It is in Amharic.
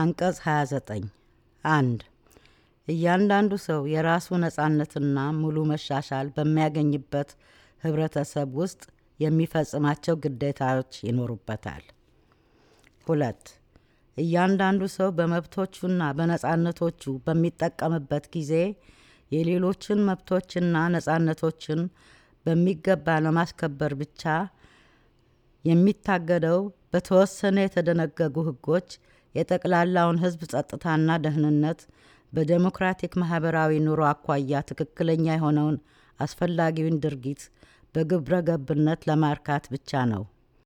አንቀጽ 29 1 እያንዳንዱ ሰው የራሱ ነፃነትና ሙሉ መሻሻል በሚያገኝበት ህብረተሰብ ውስጥ የሚፈጽማቸው ግዴታዎች ይኖሩበታል። ሁለት እያንዳንዱ ሰው በመብቶቹና በነፃነቶቹ በሚጠቀምበት ጊዜ የሌሎችን መብቶችና ነፃነቶችን በሚገባ ለማስከበር ብቻ የሚታገደው በተወሰነ የተደነገጉ ህጎች የጠቅላላውን ሕዝብ ጸጥታና ደህንነት በዴሞክራቲክ ማህበራዊ ኑሮ አኳያ ትክክለኛ የሆነውን አስፈላጊውን ድርጊት በግብረ ገብነት ለማርካት ብቻ ነው።